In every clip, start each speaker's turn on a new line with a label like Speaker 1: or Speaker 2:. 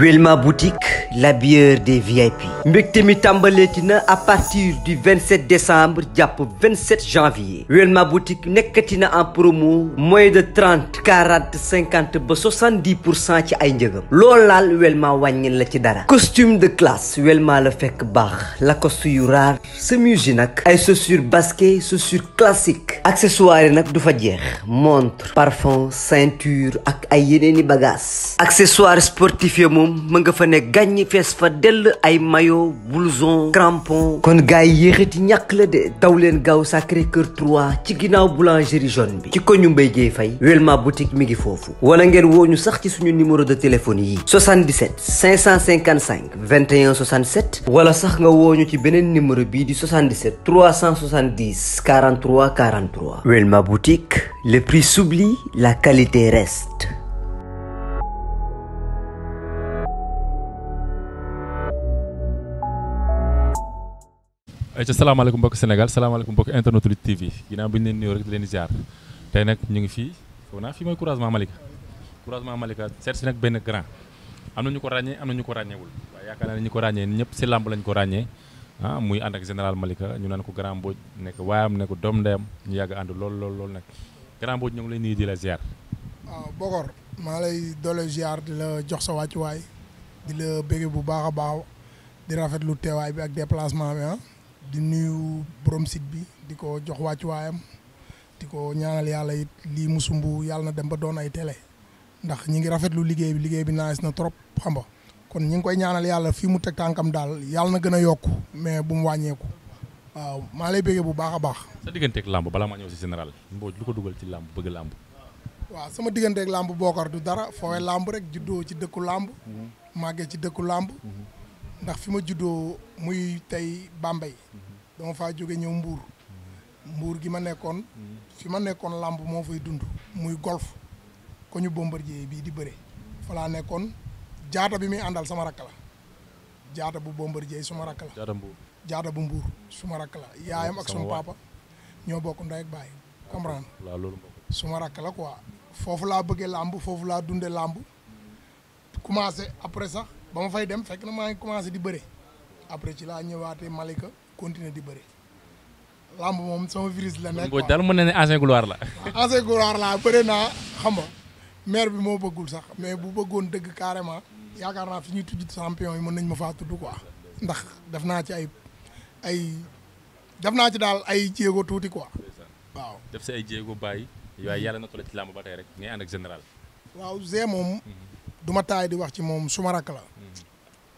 Speaker 1: Welma boutique la bière des VIP mbégte mi tàmbaleeti na à partir du 27 décembre jàpp 27 janvier Welma boutique nekkati na en promo moins de 30 40 50 ba 70 pour cent ci ay njëgam loolu laal Welma wàññil la ci dara costume de classe Welma la fekk baax lacoste yu raar chemise yi nag ay chaussures basket chaussures classiques accessoires yi nag du fa jeex montre parfum ceinture ak ay yeneeni bagages accessoires sportifs yi moom moom ma nga fa ne gàññi fees fa dell ay maillot blouson crampon kon gars yi yéexati ñàkk la de daw leen gaaw Sacré kër 3 ci ginnaaw boulangerie jaune bi ci koñu Mbaye jee Faye Welma boutique mi ngi foofu wala ngeen woo ñu sax ci suñu numéro de téléphone yi 77 555 21 67 wala sax nga woo ñu ci beneen numéro bii di 77 370 43 43 Welma boutique le prix s'oublie la qualité reste
Speaker 2: ayca eh, salaamaaleykum mbokk Sénégal salaamaaleykum mbokk internet Lutte TV ginnaaw bi ñu leen nuyoo rek di leen ziar tey nag ñu ngi fii foog naa fii mooy couragement Malika couragement Malika seet si nag benn grand am na ñu ko ràññee am na ñu ko ràññeewul waaye yaakaar naa ne ñu ko ràññee ñëpp si làmb lañ ko ràññee ah muy ànd ak général Malika ñu naan ko grand Mbodj nekk waayam nekk doom ndeyam ñu yàgg ànd lool lool lool nag grand Mbodj ñu ngi lay nuyu di la ziar.
Speaker 3: waaw Bokor maa lay doole ziar di la jox bu baax a baax di rafetlu teewaay bi ak déplacement ah. di nuyu borom site bi di ko jox waayam di ko ñaanal yàlla yit lii mu sumb yàlla na dem ba doon ay télé ndax ñi ngi rafetlu liggéey bi liggéey bi naagis na trop xam nga kon ñi ngi koy ñaanal yàlla fii mu teg tànkam daal yàlla na gën a yokk mais bu mu wàññeeku waaw maa lay bëggee bu baax a baax.
Speaker 2: sa digganteeg làmb balaa maa ñëw si général lu ko dugal ci làmb bëgg làmb.
Speaker 3: waaw sama digganteeg làmb ko du dara foowee làmb rek juddoo ci dëkku làmb. Mhm. màggee ci dëkku làmb. Mhm. ndax fi ma juddoo muy tey Bambey dama faa jóge ñëw mbuur mbuur gi ma nekkoon fi ma nekkoon làmb moo fay dund muy golf ko ñu Bombardier bii di bëre fa laa nekkoon jaata bi muy àndal sama rakk la jaata bu Bombardier suma rakk la jaata bu mbuur suma rakk la yaayam ak suma papa ñoo bokk ndey ak baay comprendre suma rakk la quoi foofu laa bëggee làmb foofu laa dundee làmb commencé après sax ba ma fay dem fekk na maa ngi commencé di bëre après ci laa ñëwaatee Malika continuer di bëri lamb moom sama virus la nekk waaw daal mën na ne ancien gloire la. ancien gloire la bëri naa xam nga maire bi moo bëggul sax mais bu bëggoon dëgg carrément yaakaar naa fi ñuy tudd champion yi mën nañ ma faa tudd quoi ndax def naa ci ay ay def naa ci daal ay jéego tuuti quoi
Speaker 2: waaw. def si ay jéego bàyyi waaye yàlla na ko la ci làmb ba tey rek ngay ànd ak général.
Speaker 3: waaw Zé moom. Mhm. du ma taay di wax ci moom suma rakk la. Mhm.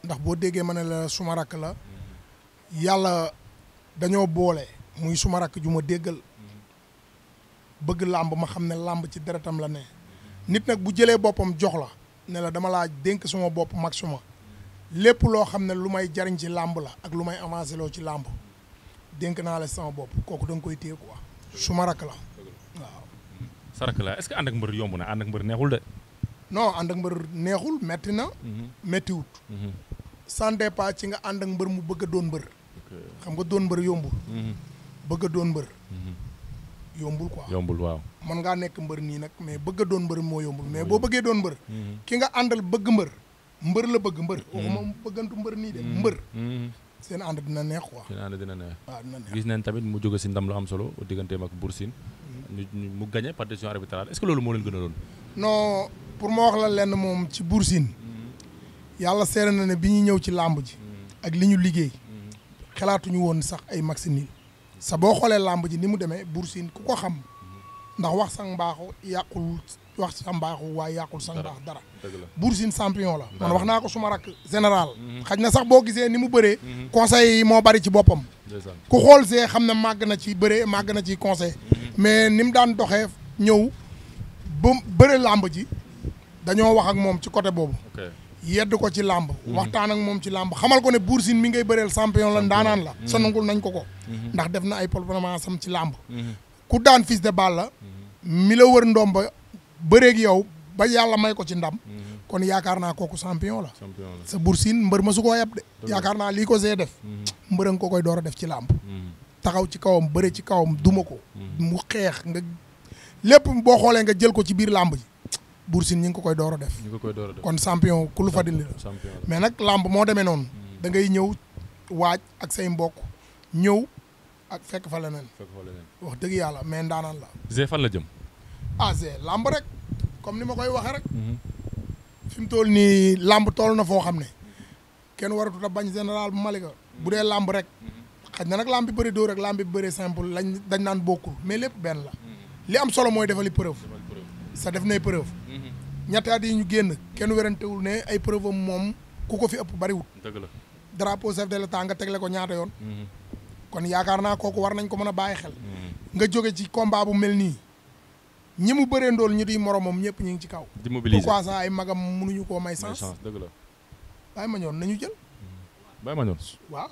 Speaker 3: ndax boo déggee ma ne suma rakk la. yàlla dañoo boole muy suma rakk ju ma déggal bëgg làmb ma xam ne làmb ci deretam la ne nit nag bu jëlee boppam jox la ne la dama laa dénk suma bopp mag suma lépp loo xam ne lu may jariñ ci làmb la ak lu may avancé loo ci làmb dénk naa la sama bopp kooku da koy téye quoi suma rakk la waaw.
Speaker 2: sa rakk la est-ce que ànd ak mbër yomb na ànd ak mbër neexul de.
Speaker 3: non ànd ak mbër neexul metti na. Mhm. mettiwut. sans mhm. départ ci nga ànd ak mbër mu bëgg a doon mbër. xam nga doon mbër yombul. Mhm. bëgg a doon mbër. Mhm. yombul quoi waaw. mën ngaa nekk mbër nii nag mais bëgg doon mbër moo yombul mais boo bëggee doon mbër. Mhm. ki nga àndal bëgg mbër. mbër la bëgg mbër. waxuma bëggantu mbër nii de mbër. seen ànd dina neex quoi.
Speaker 2: seen ànd dina neex. waaw dina neex gis nañ tamit mu jóge si ndam lu am solo digganteem ak Bour mu gagné par décision est loolu moo leen gënaloon.
Speaker 3: non pour ma wax la lenn moom ci Bour Sine. yàlla seere na ne bi ñuy ñëw ci làmb ji. ak li ñu liggéey. xalaatuñu woon sax ay maxi niil sa boo xoolee làmb ji ni mu demee Boursin ku ko xam ndax wax sang mbaaxu yàqul wax sang mbaaxu waaye yàqul sang mbaax dara Boursin champion la man wax naa ko suma rakk général mhm. xaj na sax boo gisee ni mu bëree mhm. conseil yi moo bari ci boppam ku xool see xam ne màgg na ci bëree màgg na ci conseil mhm. mais ni mu daan doxee ñëw ba bëre làmb ji dañoo wax ak moom ci côté boobu yedd ko ci làmb hmm. waxtaan ak moom ci làmb xamal ko ne Bour Sine mi ngay bëreel champion la ndaanaan la hmm. sonangul nañ ko ko hmm. ndax def na ay performance sam ci làmb ku daan Fils de Balla mi la wër ndomba bëreeg yow ba yàlla may ko ci ndam kon yaakaar naa kooku champion la sa Bour Sine mbër ma su koo yab de yaakaar naa lii ko see def mbërëng ko koy door a def ci làmb taxaw ci kawam bëre ci kawam duma ko mu xeex nga lépp boo xoolee nga jël ko ci biir làmb ji Bour Sine ñi ngi ko koy door a def. kon champion ku lu fadil la. mais nag làmb moo demee noonu. Hmm. da ngay ñëw waaj ak say mbokk ñëw ak fekk fa leneen. wax dëgg yàlla mais ndaanaan la. Zé fan la jëm. ah Zé làmb rek comme ni ma koy waxee rek. Hmm. fi mu toll nii làmb toll na foo xam ne kenn waratut a bañ général bu Malika. bu dee làmb rek. Hmm. xaj na nag làmb bi bëri dóor rek làmb bi bëri simple lañ dañ naan bokkul mais lépp benn la. li am solo mooy defali preuve. sa def nay preuve. ñetti at ñu génn kenn werantewul ne ay preuve moom ku ko fi ëpp bariwul. dëgg la drapeau chef de l'État nga tegle ko ñaata yoon. Mhm. kon yaakaar naa kooku war nañ ko mën a bàyyi xel. Mhm. nga jóge ci combat bu mel nii ñi mu bëree ndool ñu di moromam ñëpp ñu ngi ci kaw. di mobiliser pourquoi ça ay magam mënuñu koo may sens. dëgg la. bàyyi ma nañu jël. Mhm. ma ñoon. waaw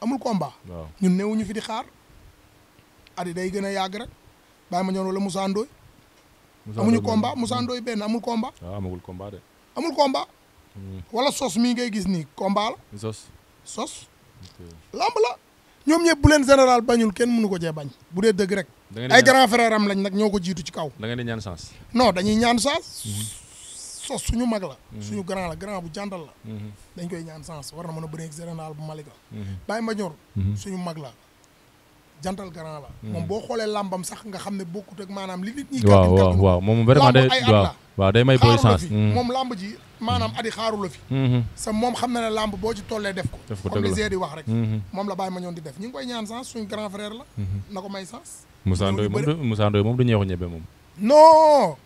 Speaker 3: amul combat. waaw ñun newuñu fi di xaar. at day gën a yàgg rek bàyyi ma ñoon wala Moussa
Speaker 2: amuñu komba Moussa Ndoye
Speaker 3: benn amul combat.
Speaker 2: waaw ah, amagul combat amul combat. Hmm.
Speaker 3: wala sos mii ngay gis nii combat la. sos sos. ñoom ñëpp bu leen général bañul kenn mënu ko cee bañ bu dee dëgg rek. ay grand frère am lañ nag ñoo ko jiitu ci kaw. da
Speaker 2: ngeen di ñaan chance.
Speaker 3: non dañuy ñaan chance. Hmm. sos suñu mag la. Hmm. suñu grand la grand bu jàndal la. dañ koy ñaan chance war na mën a bëreeg général bu Malika. Baye Madior. suñu mag la. jantal grand la. Hmm. moom boo xoolee làmbam sax nga xam ne bokkut ak maanaam li nit ñi. waaw waaw waaw moom vraiment day waaw waaw day may booy hmm. moom làmb ji maanaam hmm. adi xaaru la fi. sa moom xam na ne làmb boo ci tollee def ko. def ko comme li di wax rek. moom la bàyyi ma ñoon def ñu koy ñaan sens suñ grand frère la. na ko may sens. Moussa Ndoye moom du
Speaker 2: Moussa Ndoye moom du ñeexu ñebe moom.
Speaker 3: non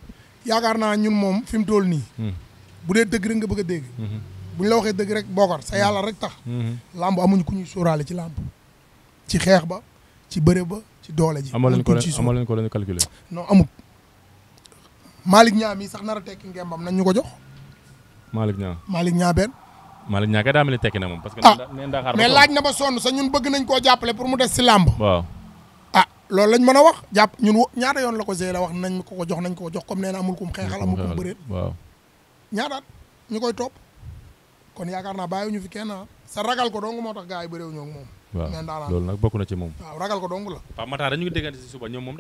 Speaker 3: yaakaar naa ñun moom fi mu toll nii. bu dee dëgg nga bëgg a bu ñu la waxee dëgg rek bokkar sa yàlla rek tax. làmb amuñu ku ñuy sóoraale ci làmb ci xeex ba ci bëre ba ci doole ji. amoo leen ko amoo
Speaker 2: leen ko leen calculer.
Speaker 3: non amul Malick Niang mii sax nara a tekki ngembam nañ ñu ko jox. Malick Niang Malick Niang benn.
Speaker 2: Malick Niang kay daa mel ni tekki na moom. parce que ah,
Speaker 3: mais laaj na ba sonn sa ñun bëgg nañ koo jàppale pour mu des si làmb. waaw ah loolu lañ mën a wax jàpp ñun ñaata yoon la ko Zé la wax nañ ko ko jox nañ ko ko jox kom nee na amul kum xeexal amul kum bëreel. waaw ñu koy topp kon yaakaar naa ñu fi kenn ah. sa ragal ko dong moo tax gars yi bëreewuñoo moom waaw loolu nag bokk na ci moom waaw ragal ko dong la
Speaker 2: Pape Matar dañu ngi déggante si suba ñoom moom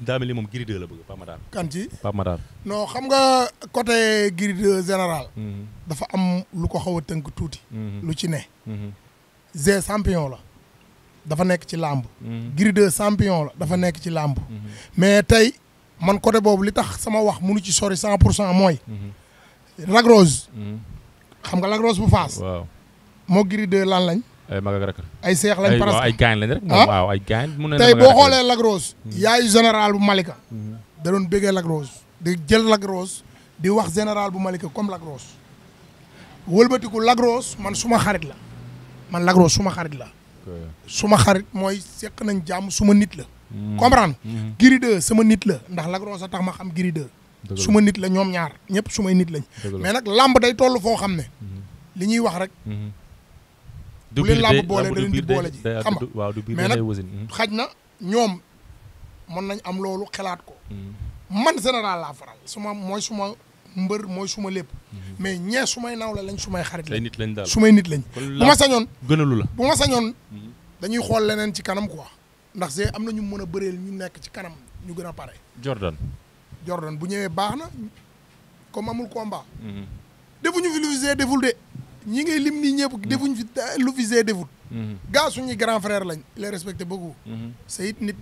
Speaker 2: daa mel ni moom Gris la bëgg Pape Matar kan ci Pape Matar
Speaker 3: xam nga côté Gris général mhm. dafa am lu ko xaw a tënk tuuti mhm. lu ci ne mhm. G champion la dafa nekk ci làmb Gris 2 champion la dafa nekk ci làmb mais tey man côté boobu li tax sama wax munu ci sori cent pour cent mooy Lac xam nga lagros bu faas moo Gris 2 lan lañ ay mag ak rakk ay seex lañ parce que ay gaañ lañ rek. Ah? waaw
Speaker 2: ay gaañ na tey boo xoolee lagros Rose. Hmm. yaayu
Speaker 3: général bu Malika. Hmm. da doon bëggee Lac di jël Lac di wax général bu Malika comme lagros Rose. wëlbatiku Lac man suma xarit la man Lac suma xarit la. suma xarit mooy seq nañ jàmm suma nit la. Hmm. comprendre Gris 2 sama nit la ndax Lac Rose a tax ma xam Gris suma nit la ñoom ñaar ñëpp sumay nit lañ. mais nag làmb day toll foo xam ne. li ñuy wax rek.
Speaker 4: bu leen làmb boole da leen di boole ji xam nga
Speaker 3: mais nag hmm. xaj na ñoom mën nañ am loolu xalaat ko hmm. man général laa faral suma mooy suma mbër mooy suma lépp hmm. mais ñee su may nawle lañ su may xarit lañ nit lañ daal su may nit lañ bu ma sañoon gënalu la bu ma sañoon dañuy xool leneen ci kanam quoi ndax see am na ñu mën a bëreel ñu nekk ci kanam ñu gën a pare Jordan Jordan bu ñëwee baax na comme amul combat defuñu fi lu visé deful de ñi ngay lim nii ñëpp. Mm-hmm. defuñ fi lu fi see defut. Mm-hmm. gaa suñuy grand frère lañ. les respecté beaucoup. Mm-hmm. sayit nit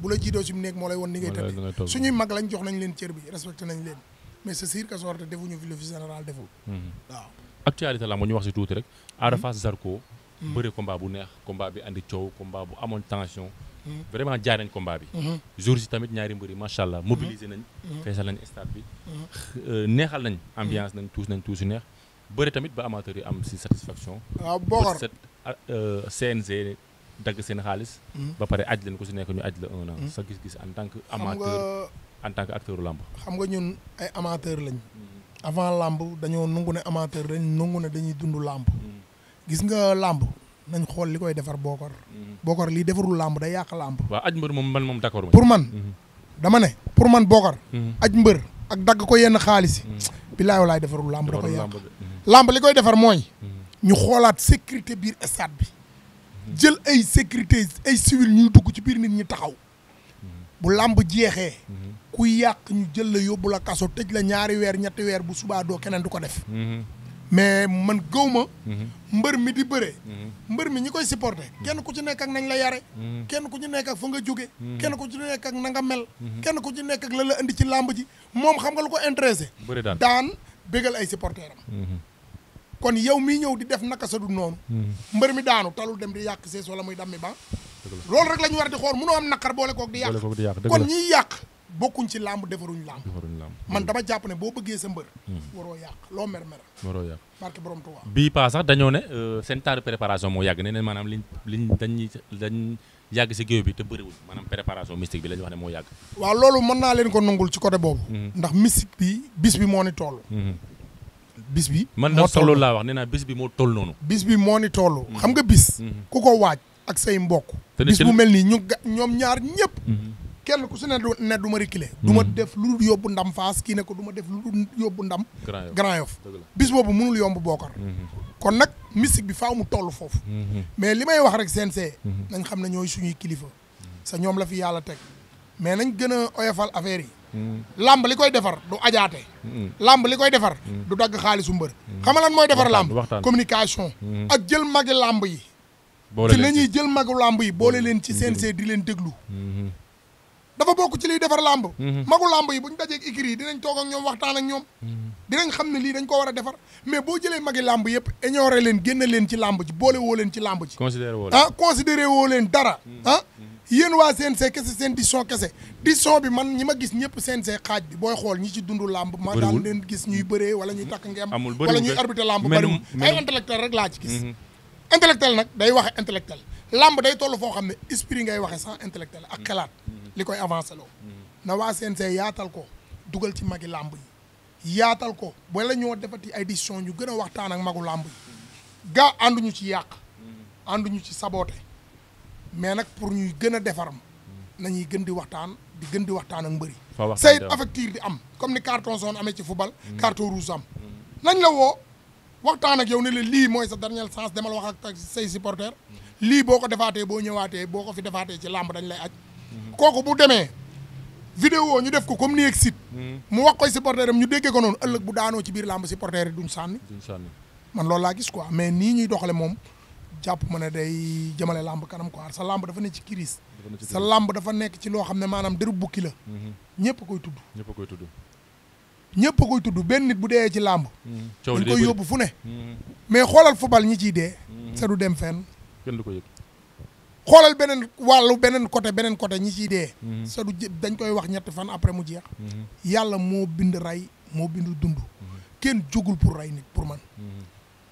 Speaker 3: bu la jiitoo si mu nekk moo lay won ni ngay tëddee suñuy mag lañ jox nañ leen cër bi respecté nañ leen mais c'est sûr que sorte defuñu fi lu fi général deful. waaw.
Speaker 2: actualité la moo ñu wax si tuuti rek. Ada Fass Zarko. bëre combat bu neex combat bi andi coow combat bu amoon tension. vraiment jaar nañ combat bi. jour si tamit ñaari mbër yi macha allah mobiliser nañ. feesal nañ stade bi. Euh, neexal nañ ambiance nañ tuus nañ tuusi neex. bëri tamit ba amateur yi am si satisfaction. waaw boor set euh, CNG dagg seen xaalis. Hmm. ba pare aj leen ku si nekk ñu aj la un an. Hmm. sa gis-gis en tant que amateur en tant que acteur làmb
Speaker 3: xam nga ñun ay amateur lañ. Hmm. avant làmb dañoo nangu ne amateur dañ nangu ne dañuy dund làmb. gis nga làmb nañ xool li koy defar bookor. bookor lii defarul làmb day yàq làmb.
Speaker 2: waaw aj mbër moom man moom d'accord. pour man
Speaker 3: dama ne pour man bookor. aj mbër ak dagg ko yenn xaalis bilaay walaay defarul làmb da koy yàq làmb li koy defar mooy hmm. ñu xoolaat sécurité biir stade bi jël ay sécurité ay civil ñuy dugg ci biir nit ñi taxaw hmm. bu làmb jeexee hmm. ku yàq ñu jël la yóbbu la kaso tëj la ñaari weer ñetti weer bu subaa doo keneen du ko def mais man gëw mhm. mbër mi di bëre. Mhm. mbër mi ñu koy supporter mhm. kenn ku ci nekk ak nañ la yare kenn ku ci nekk ak fa nga jóge kenn ku ci nekk ak na nga mel. kenn ku ci nekk ak la la indi ci làmb ji moom xam nga lu ko intéressé. daan daan bégal ay supporter am. kon yow mi ñëw di def naka sa du noonu. mbër mi daanu talul dem di yàq sees wala muy dammi ba. loolu rek la ñu war di xool mënoo am naqar boole koog di yàq. kon ñiy yàq. bokkuñ ci làmb defaruñ làmb man mm. dama jàpp ne boo bëggee sa mbër mm. waroo yàq loo mer mer waroo yàq barke borom Tuubaa
Speaker 2: bii paa sax dañoo ne euh, seen temps de préparation moo yàgg ne ne maanaam liñ liñ dañ dañ yàgg si géew bi te bëriwul maanaam préparation mystique bi la ñu ne moo yàgg
Speaker 3: waaw loolu mën naa leen ko nungul ci côté boobu mm-hmm. ndax mystique bi bis bi moo ni toll mm-hmm. bis bi man da solo
Speaker 2: laa wax nee naa bis bi moo toll noonu bis bi moo ni toll mm-hmm. xam nga bis
Speaker 3: ku ko waaj ak say mbokk bis bu mel nii ñu ga ñoom ñaar ñëpp kenn ku si ne du ne du ma du ma hmm. def lu dul yóbbu ndam faas kii ne ko du ma def lu dul yóbbu ndam Grand Yoff bis boobu mënul yomb bookar hmm. kon nag mystique bi faaw mu toll foofu hmm. mais li may wax rek CNG nañ xam ne ñoo suñuy kilifa sa ñoom la fi yàlla teg mais nañ gën a oyofal affaire yi làmb li koy defar du ajaate làmb li koy defar du dagg xaalisu mbër xam nga lan mooy defar làmb communication ak jël magi làmb yi ci la ñuy jël magu làmb yi boole leen ci CNG di leen déglu dafa bokk ci liy defar làmb mhm. magu làmb yi bu ñu dajeeg écurie yi dinañ toog ak ñoom waxtaan ak ñoom mhm. dinañ xam ne lii dañ ko war a defar mais boo jëlee magi làmb yëpp ignoré leen génne leen ci làmb ji boole woo leen ci làmb ji ah considéré woo leen dara mhm. ah yéen waa CNC kese seen décision kese décision bi man ñi ma gis ñëpp CNC xaaj bi booy xool ñi ci dund làmb ma daan leen gis ñuy bëree wala ñuy takk ngeem wala ñuy arbitre làmb bariwul ay intellectuel rek laa ci gis intellectuel nag day waxe intellectuel làmb day toll foo xam ne esprit ngay waxee sans intellectuel ak xelaat mm-hmm. li koy avancé loo mm-hmm. na waa CNG yaatal ko dugal ci magi làmb yi yaatal ko wala ñoo defati ay décision ñu gën a waxtaan ak magu làmb yi mm-hmm. gaa ànduñu ci yàq ànduñu ci saboote mais nag pour ñuy gën a defar nañuy gën di waxtaan di gën di waxtaan ak mbëri sayt affecture di am comme ni carton jaune amee ci football carton rouge am nañ la woo waxtaan ak yow ne la lii mooy sa dernier chance demal wax ak say supporter lii boo ko defaatee boo ñëwaatee boo ko fi defaatee ci làmb dañ lay aj kooku bu demee vidéo ñu def ko comme ni site mu wax koy supporter am ñu déggee ko noonu ëllëg bu daanoo ci biir làmb supporter yi duñ sànni man loolu laa gis quoi mais nii ñuy doxale moom jàpp ma ne day jëmale làmb kanam quoi sa làmb dafa nekk ci crise sa làmb dafa nekk ci loo xam ne maanaam dërëb bukki la mhm. ñëpp koy tudd ñëpp a koy tudd koy tudd benn nit bu dee ci làmb mhm. dañ koy yóbbu fu ne mhm. mais xoolal football ñi ciy dee sa du dem fen kenn du ko yëg xoolal beneen wàllu beneen côté beneen côté ñi ciy dee mhm. sa du dañ koy wax ñetti fan après mu jeex mhm. yàlla moo bind rey moo bind dund mhm. kenn jógul pour rey nit pour man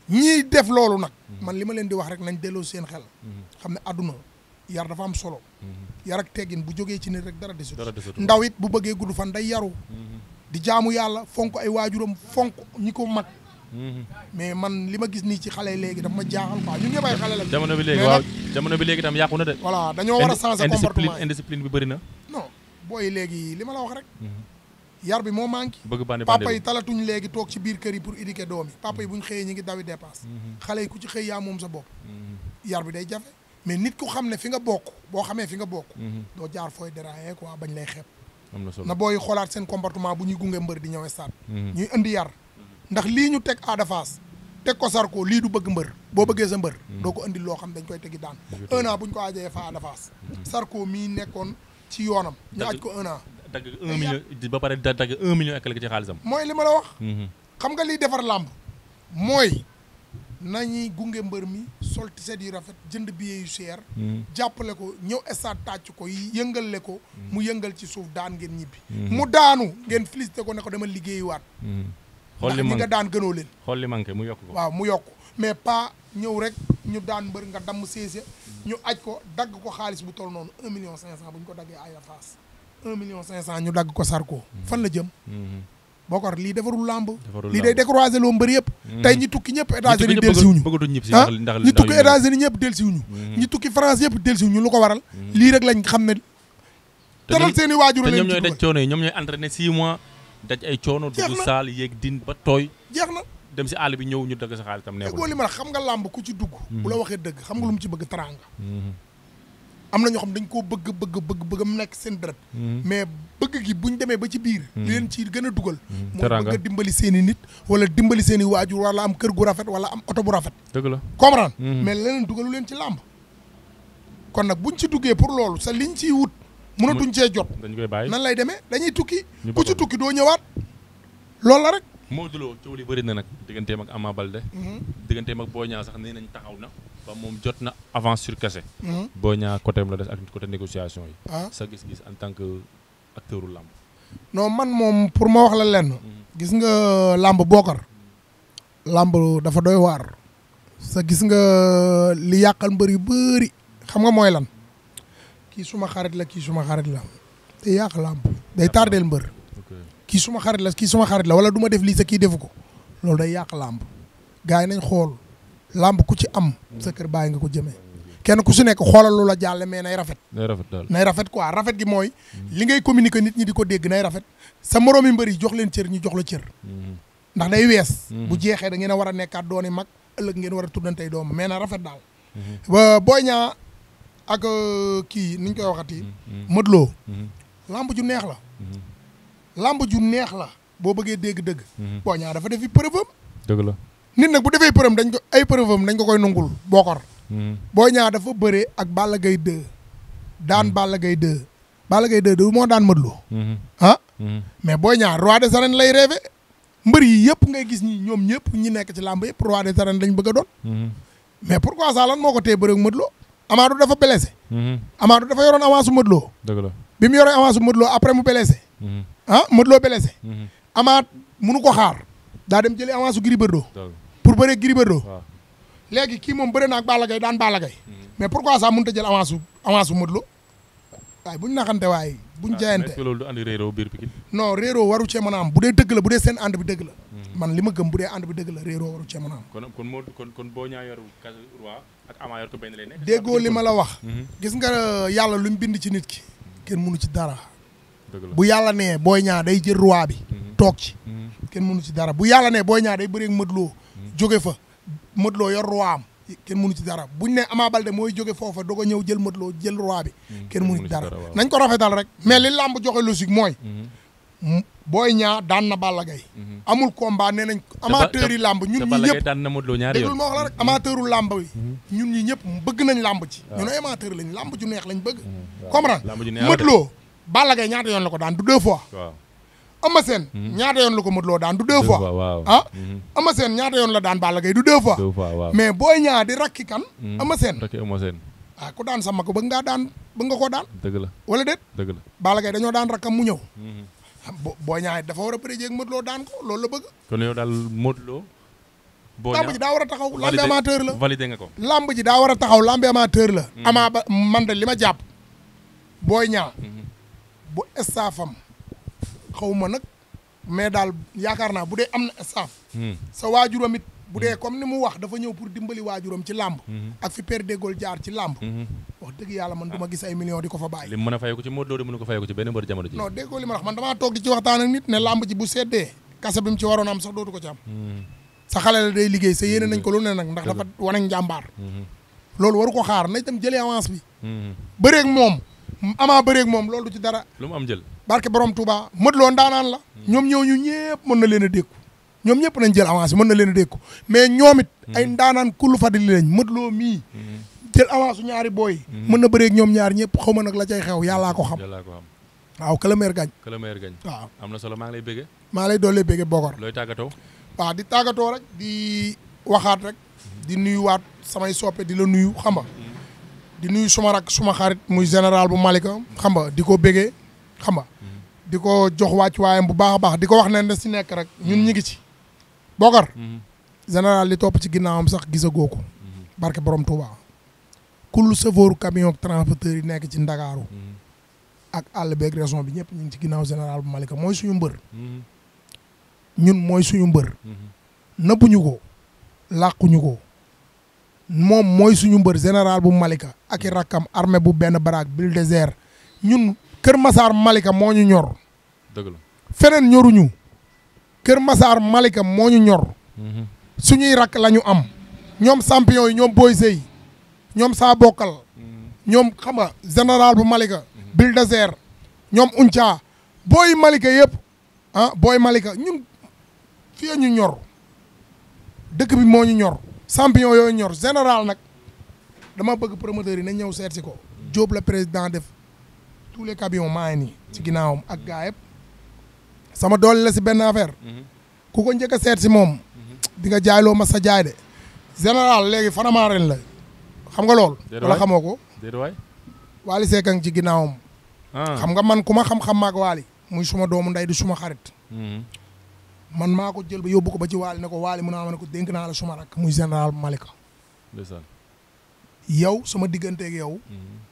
Speaker 3: ñiy def loolu nag man li ma leen di wax rek nañ delloo seen xel xam ne àdduna yar dafa am solo yar teggin bu jógee ci nit rek dara desut ndaw it bu bëggee gudd fan day yaru di jaamu yàlla fonk ay waajuram fonk ñi ko mag mais man li ma gis nii ci xale léegi daf ma jaaxal quoi ñun ñëpp ay xale la. jamono bi léegi waaw
Speaker 2: jamono bi léegi itam yàqu na de. voilà
Speaker 3: dañoo war a changer comportement bi bëri na. non léegi li ma la wax rek. Mhm. yar bi moo manqué. bëgg bandi bandi papa yi talatuñ léegi toog ci biir kër yi pour éduquer doom yi papa yi bu ñu xëyee ñu ngi dawi dépasse. Mhm. xale yi ku ci xëy yaa moom sa bopp. Mhm. yar bi day jafe mais nit ku xam ne fi nga bokk boo xamee fi nga bokk. doo jaar fooy déraillé quoi bañ lay xeeb. am na solo na booy xoolaat seen comportement bu ñuy gunge mbër di ñëwee stade. ñuy indi yar ndax lii ñu teg Ada Fass teg ko Zarko lii du bëgg mbër boo bëggee sa mbër doo ko indi loo xam dañ koy tegi daan un an bu ñu ko ajee fa Ada Fass Zarko mhm. mii nekkoon ci yoonam ñu aj ko un an dagg un million
Speaker 2: ba pare dagg un million ak ci xaalisam
Speaker 3: mooy li ma la wax mhm. xam nga lii defar làmb mooy nañuy gunge mbër mi sol tiset yu rafet jënd billet yu cher mhm. jàppale ko ñëw stade tàcc ko yëngale ko mu yëngal ci suuf daan ngeen ñibbi mu daanu ngeen félicité ko ne ko dama liggéeyuwaat xool li manqué ndax ñi nga daan gënoo leen.
Speaker 2: xool li manqué mu yokk ko waaw
Speaker 3: mu yokk mais pas ñëw rek ñu daan mbër nga damm séesé ñu aj ko dagg ko xaalis bu toll noonu un million cinq cent bu ñu ko daggee ay face un million ñu dagg ko Sarko mm-hmm. fan la jëm. Mm-hmm. Bokar lii defarul làmb lii day décroiser loo mbër yëpp mm-hmm. tey ñi tukki ñëpp États-Unis delsiwuñu ah ñi tukki États-Unis ñëpp delsiwuñu ñi tukki France yëpp delsiwuñu lu ko waral lii rek lañ xam ne teral seen i waajur ñoom ñooy
Speaker 2: daj coono yi mois daj ay coono dugg saal yéeg din ba tooy jeex na dem si àll bi ñëw ñu dëgg sa xaalis tam neexul li
Speaker 3: ma xam nga làmb ku ci dugg mhm. bu la waxee dëgg xam nga lu mu ci bëgg teraanga mhm. am na ñoo xam dañ koo bëgg bëgg bëgg bëgg mu nekk seen deret mhm. mais bëgg gi bu buñ demee ba ci biir li leen ci gën a dugal mooy bëgg a dimbali seen i nit wala dimbali seen i waajur wala am kër gu rafet wala am oto bu rafet dëgg
Speaker 2: la comprendre mais
Speaker 3: leneen dugalu leen ci làmb kon nag buñ ci duggee pour loolu sa mënatuñ cee jot. dañ koy bàyyi nan lay demee dañuy tukki. ku ci tukki doo ñëwaat loolu la rek.
Speaker 2: Modou Lo coow li bëri na nag digganteem ak Ama Balde. Mhm. digganteem ak Boy Niang sax nee nañ taxaw na ba moom jot na avance sur cachet. Mhm. Boy côté am la des ak côté négociation yi. Ah. sa gis-gis en tant que acteur làmb
Speaker 3: non man moom pour ma wax la lenn. Mhm. gis nga euh, làmb bookar. làmb dafa doy waar. sa gis nga euh, li yàqal mbër yu bëri xam nga mooy lan. kii suma xarit la kii suma xarit la te yàq la am day tardeel mbër kii suma xarit la kii suma xarit la wala duma def lii sa kii defu ko loolu day yàq làmb gars yi nañ xool làmb ku ci am sa kër bàyyi nga ko jëme kenn ku su nekk xoolal lu la jàlle mais nay rafet nay rafet quoi rafet gi mooy mm-hmm. li ngay communique nit ñi di ko dégg nay rafet sa moroomi mbër yi jox leen cër ñu jox la cër mm-hmm. ndax day wees mm-hmm. bu jeexee da ngeen a war a nekkaat dooni mag ëllëg ngeen war a tuddantey dooma mais na rafet daal ak euh, kii ni ñu koy waxati. Mm-hmm. Mm-hmm. Modou Lo. Mm-hmm. lamb ju neex la. lamb ju neex la boo bëggee dégg-dëgg. boo ñaar dafa defi preuve am. dëgg la nit nag bu defee preuve dañ ko ay preuve dañ ko koy nungul bookor. boo ñaar dafa bëre ak Balla Gaye 2 daan Balla Gaye 2 Balla Gaye 2 du moo daan Modou Lo. ah mais boo ñaar roi des arènes lay rêvé. mbër yi yëpp ngay gis ñi ñoom ñëpp ñi nekk ci làmb yëpp roi des arènes lañ bëgg a doon. mais pourquoi ça lan moo ko téye bëreeg Modou Lo. Amadou dafa blessé. Mhm. Amadou dafa yoroon avance su Modou Lo. dëgg la bi mu yoree avance su Modou mu blessé. Mhm. ah Modou Lo blessé. Mhm. Amaat munu ko xaar. daa dem jëlee avance giri Gris Bordeaux pour bëree Gris Bordeaux léegi kii moom bëri na ak Balla Gaye daan Balla Gaye mais pourquoi ça mënut a jël avance su avance su Modou Lo waaye bu ñu naxante waaye bu ñu ah, jaayante est-ce que
Speaker 2: loolu du
Speaker 3: non réeroo waru cee mën a am bu dee dëgg la bu dee seen ànd bi dëgg la. man li ma gëm bu dee ànd bi dëgg la réeroo waru cee mën a am. kon
Speaker 2: kon moo kon kon boo ñaa yoru roi ak Ama yor li ma la wax. Mhm. gis nga
Speaker 3: euh, yàlla lu mu bind ci nit ki. kenn mënu ci dara. bu yàlla nee booy ñaa day jël roi bi. Mhm. toog ci. Mhm. kenn mënu ci dara bu yàlla nee booy ñaa day bëreeg Modou Lo. jóge fa Modou loo yor roi am. kenn mënu ci dara buñ ne Ama Baldé mooy jóge foofa doog a ñëw jël Modou Lo jël roi bi. kenn mënu ci dara nañ ko rafetal rek mais li làmb joxe logique mooy. Boy Niang daan na Balla Gaye mhm. amul combat nee nañ amateur yi làmb ñun ñi ñëpp
Speaker 2: daan na Modou Lo ñaari yoon déglul ma wax
Speaker 3: la rek mhm. amateuru làmb yi mhm. ñun ñi ñëpp bëgg nañ làmb ci ñun ay amateur lañ làmb ju neex lañ bëgg comprendre Modou Lo Balla Gaye ñaata yoon la ko daan du deux fois Eumeu Sène ñaata yoon la ko daan du deux fois ah Eumeu Sène ñaata yoon la daan Balla Gaye du deux fois mais booy ñaa di rakki kan Eumeu Sène rakki Eumeu ah, ku daan sama ko bëgg ngaa daan bëgg nga koo daan dëgg la wala déet dëgg la Balla Gaye dañoo daan rakkam mu ñëw xam boo ñaay dafa war a bëri jéeg Modou Lo daan ko loolu la bëgg.
Speaker 2: kon yow daal Modou Lo. boo lamb ji daa war a taxaw lamb amateur la validé nga ko.
Speaker 3: lamb ji daa war a taxaw lamb amateur la. Mm-hmm. amaa ba man de li ma jàpp. booy ñaa mm-hmm. bu estafam xaw ma nag mais daal yaakaar naa bu dee am na estaf. Mm. sa waajuram it bu dee mm-hmm. comme ni mu wax dafa ñëw pour dimbali waajuram ci làmb mm-hmm. ak fi Père Dégol jaar ci làmb mm-hmm. wax dëgg yàlla man du ma gis ay millions di ko fa bàyyi
Speaker 2: li mu mën a fay ko ci Modou Lo di mënu ko fay ko ci benn mbër jamono ji non
Speaker 3: déggoo li ma wax man damaa toog di ci waxtaan ak nit ne làmb ji bu seddee kase bi mu ci waroon am sax dootu ko ci am sa xale la day liggéey sa yéene nañ ko lu ne nag ndax dafa wane njàmbaar loolu waru ko xaar nañ tam jëlee avance bi bëreeg moom amaa bëreeg moom loolu du ci dara lu mu am jël barke borom Touba Modou Lo ndaanaan la ñoom ñëw ñu ñëpp mën na leen a dégg ñoom ñëpp nañ jël avance mën na leen a dékku mais ñoom it hmm. ay ndaanaan kullu fadili lañ mëtloo mii hmm. jël avance su ñaari booy hmm. mën na bëreeg ñoom ñaar ñëpp xaw ma nag la cay xew yàllaa ko xam waaw que le maire gagne
Speaker 2: que le maire gagne waaw am na solo maa ngi lay bëgge
Speaker 3: maa lay doole bëgge Bokar looy tàggatoo waaw di tàggatoo rek di waxaat rek di nuyuwaat samay soppe di la nuyu xam nga di nuyu suma rak suma xarit muy général bu Malika xam nga di ko bëggee xam nga di ko jox wàcc waayam bu baax baax di ko wax ne da si nekk rek ñun ñi ngi ci Bokar. Mhm. général li topp ci ginnaawam sax gisagoo ko. Mhm. barke borom Touba. kul sëfooru camion transporteur yi nekk ci Ndakaaru. Mhm. ak àll beeg bi ñëpp ñu ngi ci ginnaaw général bu Malika mooy suñu mbër. ñun mooy suñu mbër. nëbbuñu ko. làquñu ko. moom mooy suñu mbër général bu Malika ak i rakkam armée bu benn baraak bil désert ñun Kër Masaar Malika moo ñu ñor. dëgg la feneen ñoruñu. Kër Massar Malika moo ñu ñor mhm. suñuy rakk la ñu am ñoom champion yi ñoom Boy Sey ñoom saa bokkal mhm. ñoom xam nga général bu Malika mhm. Bulldozer ñoom Unca booy Malika yëpp ah booy Malika ñun fii ñu ñor dëkk bi moo ñu ñor champion yooyu ñor général nag dama bëgg promoteur yi na ñëw seet si ko Diop la président def tous les camions maa ni nii ci ginnaawam ak gaa yëpp sama dool la si benn affaire mhm. ku ko njëkk a seet si moom mhm. di nga jaay loo ma sa jaay de général léegi fanamaa ren la xam nga lool wala xamoo ko waali seekang ci ginnaawam ah. xam nga man ku ma xam-xam maak waali muy suma doomu ndey di suma xarit mhm. man maa ko jël ba yóbbu ko ba ci waali ne ko waali mun naa ma ne ko dénk naa la suma rak muy général Malika yow sama digganteeg yow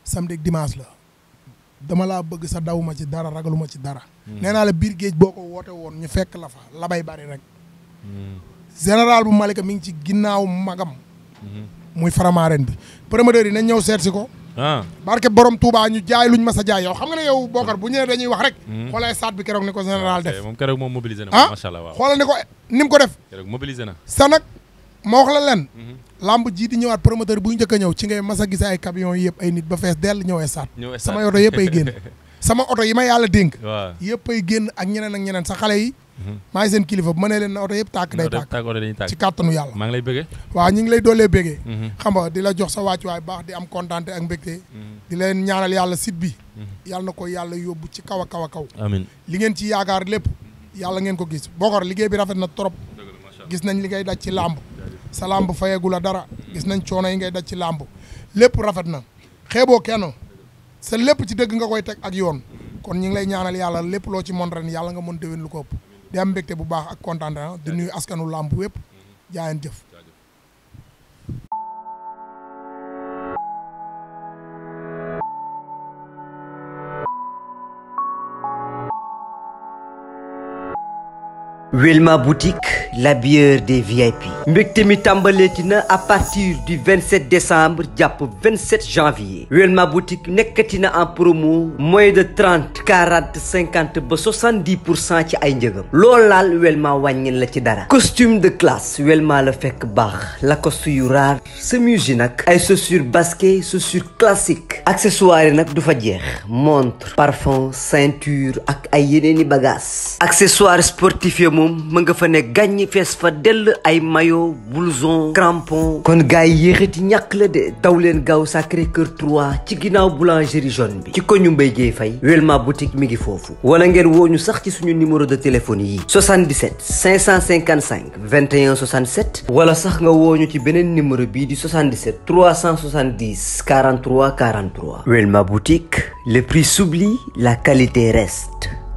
Speaker 3: samedi ak dimanche la dama laa bëgg sa daw ma ci dara ragalu ma ci dara. Hmm. nee naa la biir géej boo ko wootee woon ñu fekk la fa labay bari rek. Hmm. général bu Malika mi ngi ci ginnaaw magam. Hmm. muy faramaaren bi. promoteur yi nañ ñëw seet si ko. Ah. barke borom Touba ñu jaay luñ mas a jaay yow xam nga ne yow Bokar bu ñëwee dañuy wax rek. xoolee saat bi keroog ni ko général ah, def.
Speaker 2: moom keroog moom mobilisé na. Ah, macha allah xoolal ni ko nim mu ko def. keroog mobilisé na sa
Speaker 3: ma wax la leen. lamb jii di ñëwaat promoteur bu njëkk a ñëw ci ngay mas a gis ay camions yëpp ay nit ba fees dell ñëwee saat sama oto yëpp ay génn. sama oto yi ma yàlla dénk. waaw yëpp ay génn ak ñeneen ak ñeneen sa xale yi. Mhm. maa seen kilifa bu ma leen na oto yëpp tàkk day tàkk ci kàttanu yàlla maa ngi lay bëggee waaw ñu ngi lay doolee bëggee mhm. xam nga di la jox sa wàccuwaay baax di am kontaante ak mbégte mhm. di leen ñaanal yàlla sit bi yàlla na ko yàlla yóbbu ci kaw a kaw a kaw li ngeen ci yaakaar lépp yàlla ngeen ko gis bokkar liggéey bi rafet na trop gis nañ li ngay daj ci làmb sa làmb fayeegu la dara gis nañ coono yi ngay daj ci làmb lépp rafet na xeeboo kenn sa lépp ci dëgg nga koy teg ak yoon kon ñu ngi lay ñaanal yàlla lépp loo ci mon ren yàlla nga mën déwén lu ko ëpp bu baax ak kontaan ah, di nuyu askanu làmb wépp jaayan jëf
Speaker 1: Welma boutique la bière des VIP mbégte mi tàmbaleeti na à partir du 27 décembre jàpp 27 janvier Welma boutique nekkati na en promo moins de 30 40 50 ba 70 pour cent ci ay njëgam loolu laal Welma wàññil la ci dara costume de classe Welma la fekk baax lacoste yu raar chemise yi nag ay chaussures basket chaussures classiques accessoires yi nag du fa jeex montre parfum ceinture ak ay yeneeni bagages accessoires sportifs moom ma nga fa ne gàññi fees fa dell ay maillot blouson crampon kon gars yi ñàkk la de daw leen gaaw Sacré kër 3 ci ginnaaw boulangerie jaune bi ci koñu Mbaye Dieye Faye Welma boutique mi ngi foofu wala ngeen woo ñu sax ci suñu numéro de téléphone yi 77 555 21 67 wala sax nga woo ñu ci beneen numéro bii di 77 370 43 43 Welma boutique le prix s'oublie la qualité reste